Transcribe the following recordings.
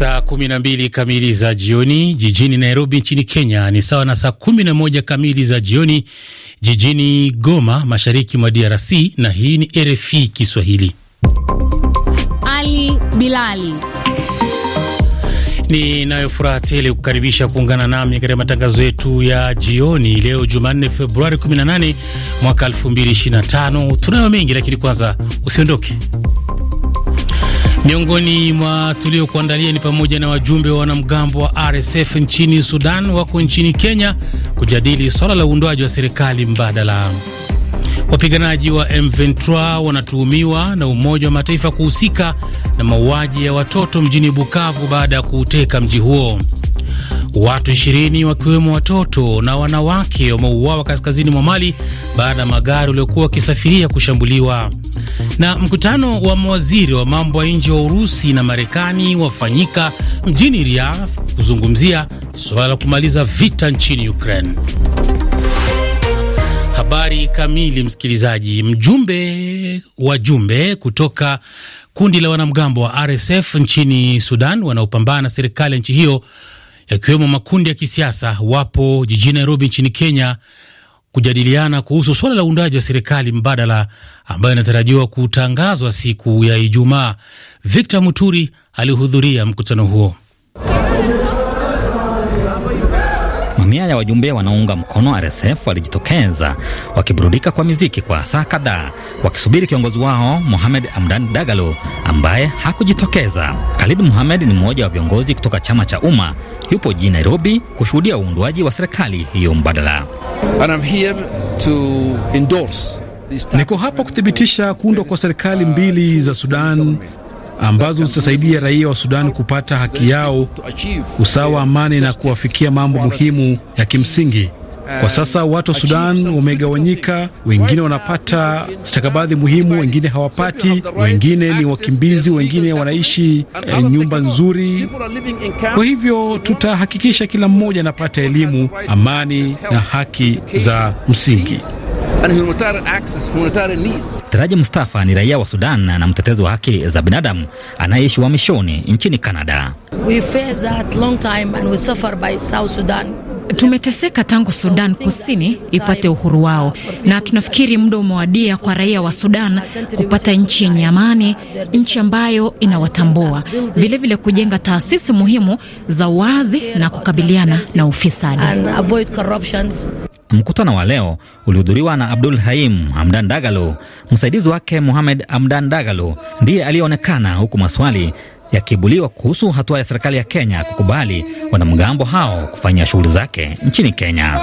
Saa 12 kamili za jioni jijini Nairobi nchini Kenya ni sawa na saa 11 kamili za jioni jijini Goma mashariki mwa DRC na hii ni RFI Kiswahili. Ali Bilali. Ninayo furaha tele kukaribisha kuungana nami katika matangazo yetu ya jioni leo Jumanne, Februari 18 mwaka 2025. Tunayo mengi lakini kwanza usiondoke. Miongoni mwa tuliokuandalia ni pamoja na wajumbe wa wanamgambo wa RSF nchini Sudan wako nchini Kenya kujadili swala la uundwaji wa serikali mbadala. Wapiganaji wa M23 wanatuhumiwa na Umoja wa Mataifa kuhusika na mauaji ya watoto mjini Bukavu baada ya kuuteka mji huo. Watu 20 wakiwemo watoto na wanawake wameuawa kaskazini mwa Mali baada ya magari waliokuwa wakisafiria kushambuliwa. Na mkutano wa mawaziri wa mambo ya nje wa Urusi na Marekani wafanyika mjini Riyadh kuzungumzia suala la kumaliza vita nchini Ukraine. Habari kamili, msikilizaji. Mjumbe wa jumbe kutoka kundi la wanamgambo wa RSF nchini Sudan wanaopambana na serikali ya nchi hiyo, yakiwemo makundi ya kisiasa, wapo jijini Nairobi nchini Kenya kujadiliana kuhusu suala la uundaji wa serikali mbadala ambayo inatarajiwa kutangazwa siku ya Ijumaa. Victor Muturi alihudhuria mkutano huo. Mamia ya wajumbe wanaounga mkono RSF walijitokeza wakiburudika kwa miziki kwa saa kadhaa wakisubiri kiongozi wao Mohamed Amdan Dagalo ambaye hakujitokeza. Khalid Mohamed ni mmoja wa viongozi kutoka chama cha Umma, yupo jijini Nairobi kushuhudia uundwaji wa serikali hiyo mbadala. And I'm here to endorse. Niko hapa kuthibitisha kuundwa kwa serikali mbili za Sudan ambazo zitasaidia raia wa Sudan kupata haki yao, usawa, amani na kuwafikia mambo muhimu ya kimsingi. Kwa sasa watu wa Sudan wamegawanyika, wengine wanapata stakabadhi muhimu, wengine hawapati, wengine ni wakimbizi, wengine wanaishi e, nyumba nzuri. Kwa hivyo tutahakikisha kila mmoja anapata elimu, amani na haki za msingi. Taraji Mustafa ni raia wa Sudan na mtetezi wa haki za binadamu anayeishi uhamishoni nchini Kanada. Tumeteseka tangu Sudan Kusini ipate uhuru wao, na tunafikiri muda umewadia kwa raia wa Sudan kupata nchi yenye amani, nchi ambayo inawatambua, vilevile kujenga taasisi muhimu za wazi na kukabiliana na ufisadi. Mkutano wa leo ulihudhuriwa na Abdul Haim Hamdan Dagalo. Msaidizi wake muhamed Hamdan Dagalo ndiye aliyeonekana, huku maswali yakiibuliwa kuhusu hatua ya serikali ya Kenya kukubali wanamgambo hao kufanya shughuli zake nchini Kenya.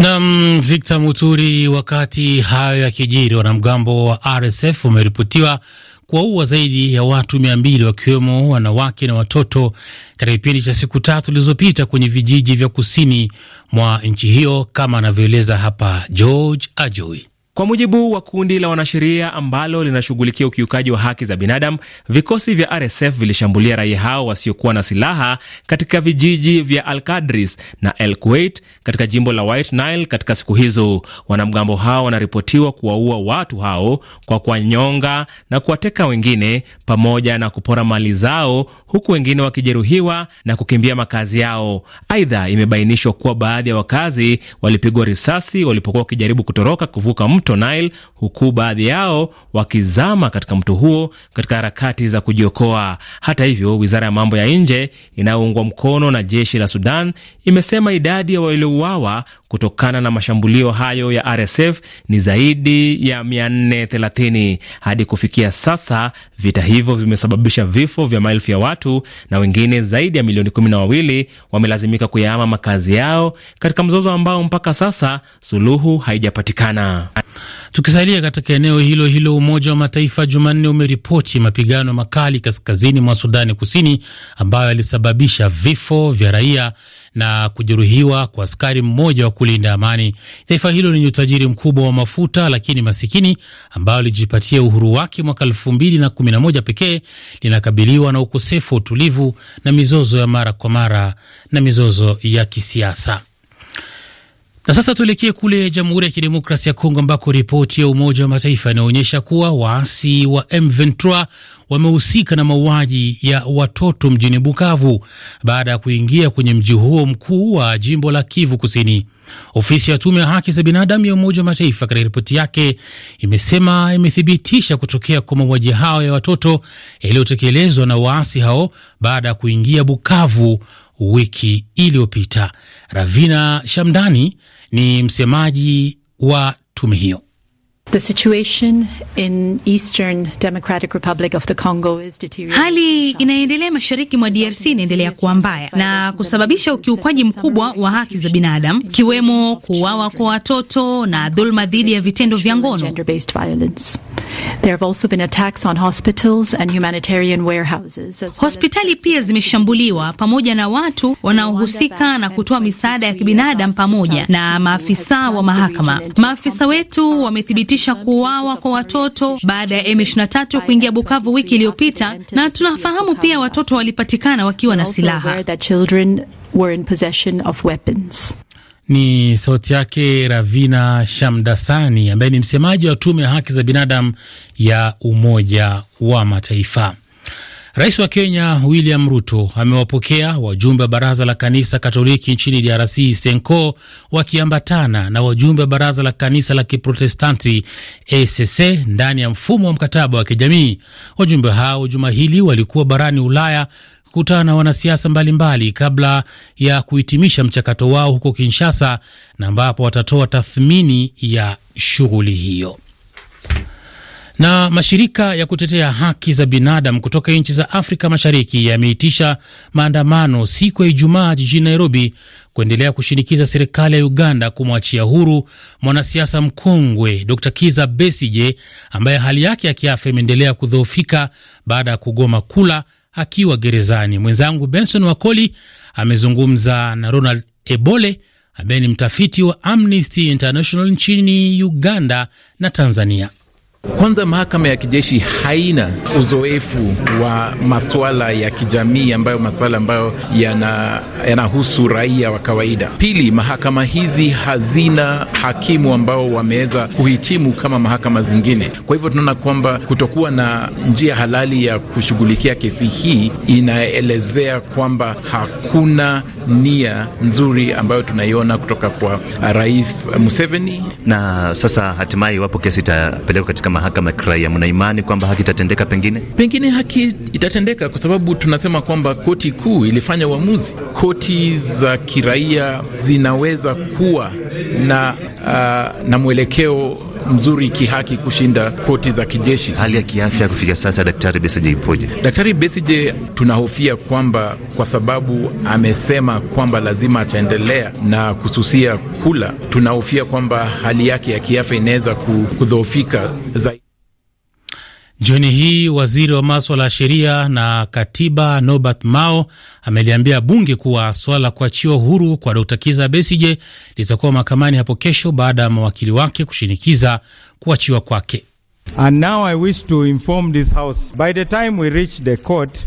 Nam Victor Muturi. Wakati hayo yakijiri, wanamgambo wa RSF umeripotiwa kuwaua zaidi ya watu mia mbili wakiwemo wanawake na watoto katika kipindi cha siku tatu zilizopita kwenye vijiji vya kusini mwa nchi hiyo, kama anavyoeleza hapa George Ajoi. Kwa mujibu wa kundi la wanasheria ambalo linashughulikia ukiukaji wa haki za binadamu, vikosi vya RSF vilishambulia raia hao wasiokuwa na silaha katika vijiji vya Alkadris na El Kuwait katika jimbo la White Nile katika siku hizo. Wanamgambo hao wanaripotiwa kuwaua watu hao kwa kuwanyonga na kuwateka wengine pamoja na kupora mali zao, huku wengine wakijeruhiwa na kukimbia makazi yao. Aidha, imebainishwa kuwa baadhi ya wakazi walipigwa risasi walipokuwa wakijaribu kutoroka kuvuka mtu mto Nile, huku baadhi yao wakizama katika mto huo katika harakati za kujiokoa. Hata hivyo, wizara ya mambo ya nje inayoungwa mkono na jeshi la Sudan imesema idadi ya waliouawa kutokana na mashambulio hayo ya RSF ni zaidi ya 430. Hadi kufikia sasa, vita hivyo vimesababisha vifo vya maelfu ya watu na wengine zaidi ya milioni kumi na wawili wamelazimika kuyahama makazi yao katika mzozo ambao mpaka sasa suluhu haijapatikana. Tukisalia katika eneo hilo hilo, Umoja wa Mataifa Jumanne umeripoti mapigano makali kaskazini mwa Sudani Kusini ambayo yalisababisha vifo vya raia na kujeruhiwa kwa askari mmoja wa kulinda amani. Taifa hilo lenye utajiri mkubwa wa mafuta lakini masikini, ambayo lijipatia uhuru wake mwaka elfu mbili na kumi na moja pekee, linakabiliwa na ukosefu wa utulivu na mizozo ya mara kwa mara na mizozo ya kisiasa. Na sasa tuelekee kule Jamhuri ya Kidemokrasi ya Kongo ambako ripoti ya Umoja wa Mataifa inaonyesha kuwa waasi wa M23 wamehusika na mauaji ya watoto mjini Bukavu baada ya kuingia kwenye mji huo mkuu wa jimbo la Kivu Kusini. Ofisi ya Tume ya Haki za Binadamu ya Umoja wa Mataifa katika ripoti yake imesema imethibitisha kutokea kwa mauaji hayo ya watoto yaliyotekelezwa na waasi hao baada ya kuingia Bukavu wiki iliyopita. Ravina Shamdani ni msemaji wa tume hiyo. Hali inayoendelea mashariki mwa DRC inaendelea kuwa mbaya na kusababisha ukiukwaji mkubwa wa haki za binadamu, ikiwemo kuuawa kwa watoto na dhuluma dhidi ya vitendo vya ngono. There have also been attacks on hospitals and humanitarian warehouses. Hospitali pia zimeshambuliwa pamoja na watu wanaohusika na kutoa misaada ya kibinadamu pamoja na maafisa wa mahakama. Maafisa wetu wamethibitisha kuuawa kwa watoto baada ya M23 kuingia Bukavu wiki iliyopita, na tunafahamu pia watoto walipatikana wakiwa na silaha. Ni sauti yake Ravina Shamdasani, ambaye ni msemaji wa tume ya haki za binadamu ya Umoja wa Mataifa. Rais wa Kenya William Ruto amewapokea wajumbe wa baraza la kanisa Katoliki nchini DRC SENCO wakiambatana na wajumbe wa baraza la kanisa la Kiprotestanti ACC ndani ya mfumo wa mkataba wa kijamii. Wajumbe hao juma hili walikuwa barani Ulaya kukutana na wanasiasa mbalimbali kabla ya kuhitimisha mchakato wao huko Kinshasa na ambapo watatoa tathmini ya shughuli hiyo. Na mashirika ya kutetea haki za binadamu kutoka nchi za Afrika Mashariki yameitisha maandamano siku ya Ijumaa jijini Nairobi kuendelea kushinikiza serikali ya Uganda kumwachia huru mwanasiasa mkongwe Dr. Kiza Besije ambaye hali yake ya kiafya imeendelea kudhoofika baada ya kugoma kula akiwa gerezani. Mwenzangu Benson Wakoli amezungumza na Ronald Ebole ambaye ni mtafiti wa Amnesty International nchini Uganda na Tanzania. Kwanza, mahakama ya kijeshi haina uzoefu wa masuala ya kijamii ambayo masuala ambayo yanahusu yana raia wa kawaida. Pili, mahakama hizi hazina hakimu ambao wameweza kuhitimu kama mahakama zingine. Kwa hivyo tunaona kwamba kutokuwa na njia halali ya kushughulikia kesi hii inaelezea kwamba hakuna nia nzuri ambayo tunaiona kutoka kwa Rais Museveni. Na sasa hatimaye, iwapo kesi itapelekwa katika mahakama ya kiraia, mna imani kwamba haki itatendeka? Pengine pengine haki itatendeka, kwa sababu tunasema kwamba koti kuu ilifanya uamuzi. Koti za kiraia zinaweza kuwa na, uh, na mwelekeo mzuri kihaki kushinda koti za kijeshi. Hali ya kiafya kufika sasa, Daktari Besije ipoje? Daktari Besije tunahofia kwamba kwa sababu amesema kwamba lazima ataendelea na kususia kula, tunahofia kwamba hali yake ya kiafya inaweza kudhoofika zaidi. Jioni hii waziri wa maswala ya sheria na katiba Norbert Mao ameliambia bunge kuwa swala la kuachiwa uhuru kwa Dr Kiza Besije litakuwa mahakamani hapo kesho baada ya mawakili wake kushinikiza kuachiwa kwake.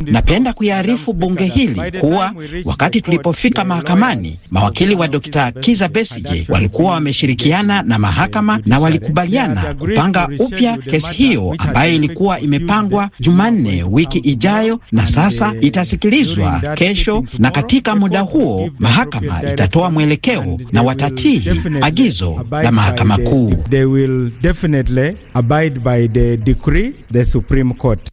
Napenda kuiarifu bunge hili kuwa wakati tulipofika mahakamani, mawakili wa Dr. Kiza Besije walikuwa wameshirikiana na mahakama na walikubaliana kupanga upya kesi hiyo ambayo ilikuwa imepangwa Jumanne wiki ijayo, na sasa uh, itasikilizwa kesho, na katika muda huo mahakama itatoa mwelekeo na watatii agizo la mahakama kuu by the decree the Supreme Court.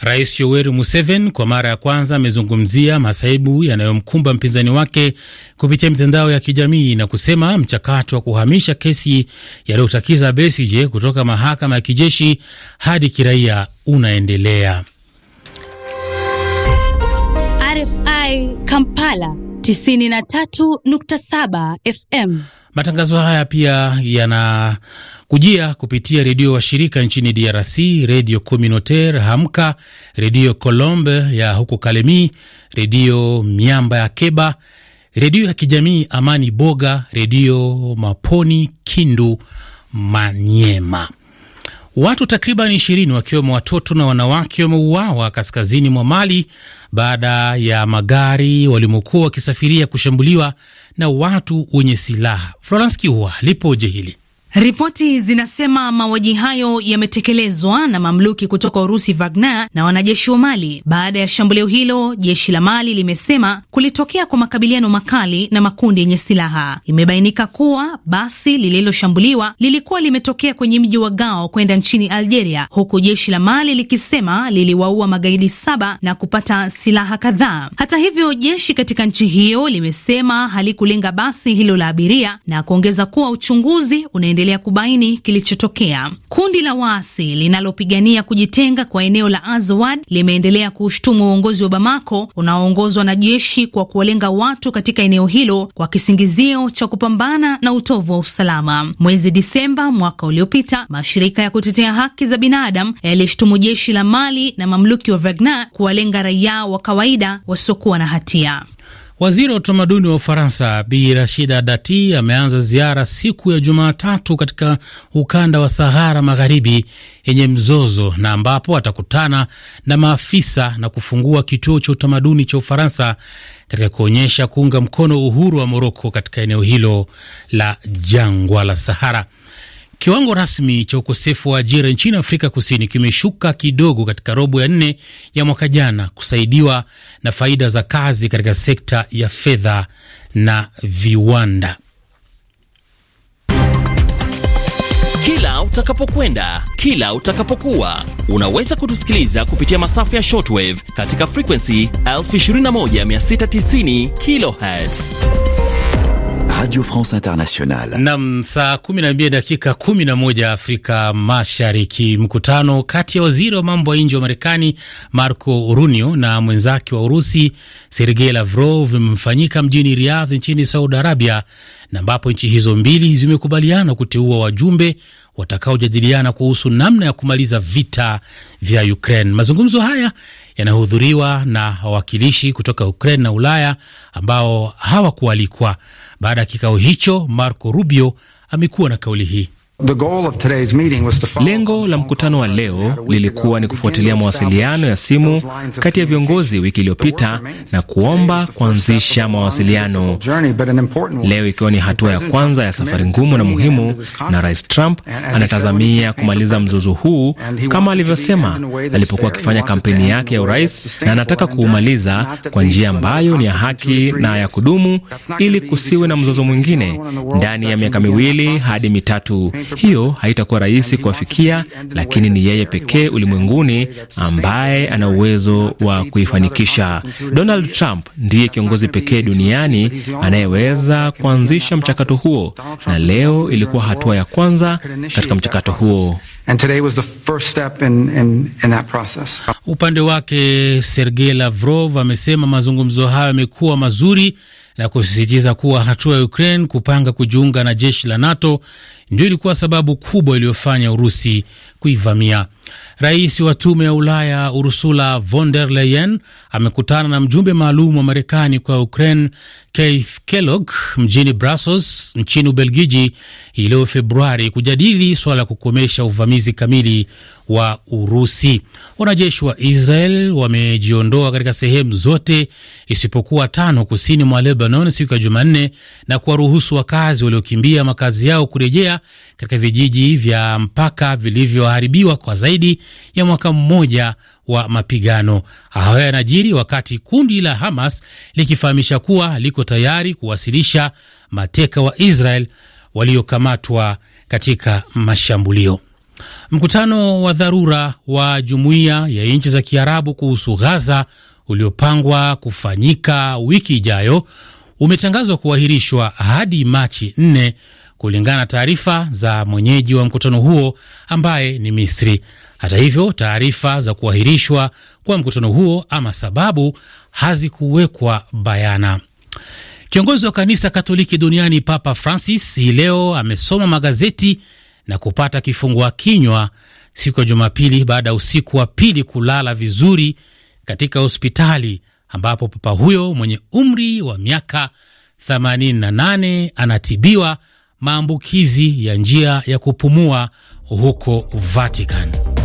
Rais Yoweri Museveni kwa mara ya kwanza amezungumzia masaibu yanayomkumba mpinzani wake kupitia mitandao ya kijamii na kusema mchakato wa kuhamisha kesi yaliyotakiza Besigye kutoka mahakama ya kijeshi hadi kiraia unaendelea. RFI Kampala 93.7 FM. Matangazo haya pia yanakujia kupitia redio washirika nchini DRC: redio Communautaire Hamka, redio Colombe ya huko Kalemi, redio Miamba ya Keba, redio ya kijamii Amani Boga, redio Maponi Kindu Manyema. Watu takriban ishirini wakiwemo watoto na wanawake wameuawa kaskazini mwa Mali baada ya magari walimokuwa wakisafiria kushambuliwa na watu wenye silaha. Florence Kiua lipoje hili? Ripoti zinasema mauaji hayo yametekelezwa na mamluki kutoka Urusi Wagner na wanajeshi wa Mali. Baada ya shambulio hilo, jeshi la Mali limesema kulitokea kwa makabiliano makali na makundi yenye silaha. Imebainika kuwa basi lililoshambuliwa lilikuwa limetokea kwenye mji wa Gao kwenda nchini Algeria, huku jeshi la Mali likisema liliwaua magaidi saba na kupata silaha kadhaa. Hata hivyo, jeshi katika nchi hiyo limesema halikulenga basi hilo la abiria na kuongeza kuwa uchunguzi unaendelea kuendelea kubaini kilichotokea. Kundi la waasi linalopigania kujitenga kwa eneo la Azawad limeendelea kuushtumu uongozi wa Bamako unaoongozwa na jeshi kwa kuwalenga watu katika eneo hilo kwa kisingizio cha kupambana na utovu wa usalama. Mwezi Disemba mwaka uliopita, mashirika ya kutetea haki za binadamu yalishtumu jeshi la Mali na mamluki wa Wagner kuwalenga raia wa kawaida wasiokuwa na hatia. Waziri wa utamaduni wa Ufaransa Bi Rashida Dati ameanza ziara siku ya Jumatatu katika ukanda wa Sahara Magharibi yenye mzozo na ambapo atakutana na maafisa na kufungua kituo cha utamaduni cha Ufaransa katika kuonyesha kuunga mkono uhuru wa Moroko katika eneo hilo la jangwa la Sahara. Kiwango rasmi cha ukosefu wa ajira nchini Afrika Kusini kimeshuka kidogo katika robo ya nne ya mwaka jana, kusaidiwa na faida za kazi katika sekta ya fedha na viwanda. Kila utakapokwenda, kila utakapokuwa, unaweza kutusikiliza kupitia masafa ya shortwave katika frequency 21690 kilohertz Radio France Internationale. Nam, saa 12 dakika 11 Afrika Mashariki. Mkutano kati ya waziri wa mambo ya nje wa Marekani Marco Rubio na mwenzake wa Urusi Sergei Lavrov umefanyika mjini Riyadh nchini Saudi Arabia, na ambapo nchi hizo mbili zimekubaliana kuteua wajumbe watakaojadiliana kuhusu namna ya kumaliza vita vya Ukraine. Mazungumzo haya yanahudhuriwa na wawakilishi kutoka Ukraine na Ulaya ambao hawakualikwa. Baada ya kikao hicho, Marco Rubio amekuwa na kauli hii. Lengo la mkutano wa leo lilikuwa ni kufuatilia mawasiliano ya simu kati ya viongozi wiki iliyopita na kuomba kuanzisha mawasiliano leo, ikiwa ni hatua ya kwanza ya safari ngumu na muhimu, na Rais Trump anatazamia kumaliza mzozo huu kama alivyosema alipokuwa akifanya kampeni yake ya urais, na anataka kuumaliza kwa njia ambayo ni ya haki na ya kudumu, ili kusiwe na mzozo mwingine ndani ya miaka miwili hadi mitatu. Hiyo haitakuwa rahisi kuwafikia, lakini ni yeye pekee ulimwenguni ambaye ana uwezo wa kuifanikisha. Donald Trump ndiye kiongozi pekee duniani anayeweza kuanzisha mchakato huo, na leo ilikuwa hatua ya kwanza katika mchakato huo. Upande wake Sergei Lavrov amesema mazungumzo hayo yamekuwa mazuri na kusisitiza kuwa hatua ya Ukraine kupanga kujiunga na jeshi la NATO ndio ilikuwa sababu kubwa iliyofanya Urusi kuivamia. Rais wa tume ya Ulaya Ursula von der Leyen amekutana na mjumbe maalum wa Marekani kwa Ukraine Keith Kellogg mjini Brussels nchini Ubelgiji iliyo Februari kujadili suala la kukomesha uvamizi kamili wa Urusi. Wanajeshi wa Israel wamejiondoa katika sehemu zote isipokuwa tano kusini mwa Lebanon siku ya Jumanne na kuwaruhusu wakazi waliokimbia makazi yao kurejea katika vijiji vya mpaka vilivyoharibiwa kwa zaidi ya mwaka mmoja wa mapigano. Hayo yanajiri wakati kundi la Hamas likifahamisha kuwa liko tayari kuwasilisha mateka wa Israel waliokamatwa katika mashambulio. Mkutano wa dharura wa Jumuiya ya Nchi za Kiarabu kuhusu Gaza uliopangwa kufanyika wiki ijayo umetangazwa kuahirishwa hadi Machi 4 kulingana na taarifa za mwenyeji wa mkutano huo ambaye ni Misri. Hata hivyo, taarifa za kuahirishwa kwa mkutano huo ama sababu hazikuwekwa bayana. Kiongozi wa kanisa Katoliki duniani Papa Francis hii leo amesoma magazeti na kupata kifungua kinywa siku ya Jumapili baada ya usiku wa pili kulala vizuri katika hospitali ambapo papa huyo mwenye umri wa miaka 88 anatibiwa maambukizi ya njia ya kupumua huko Vatican.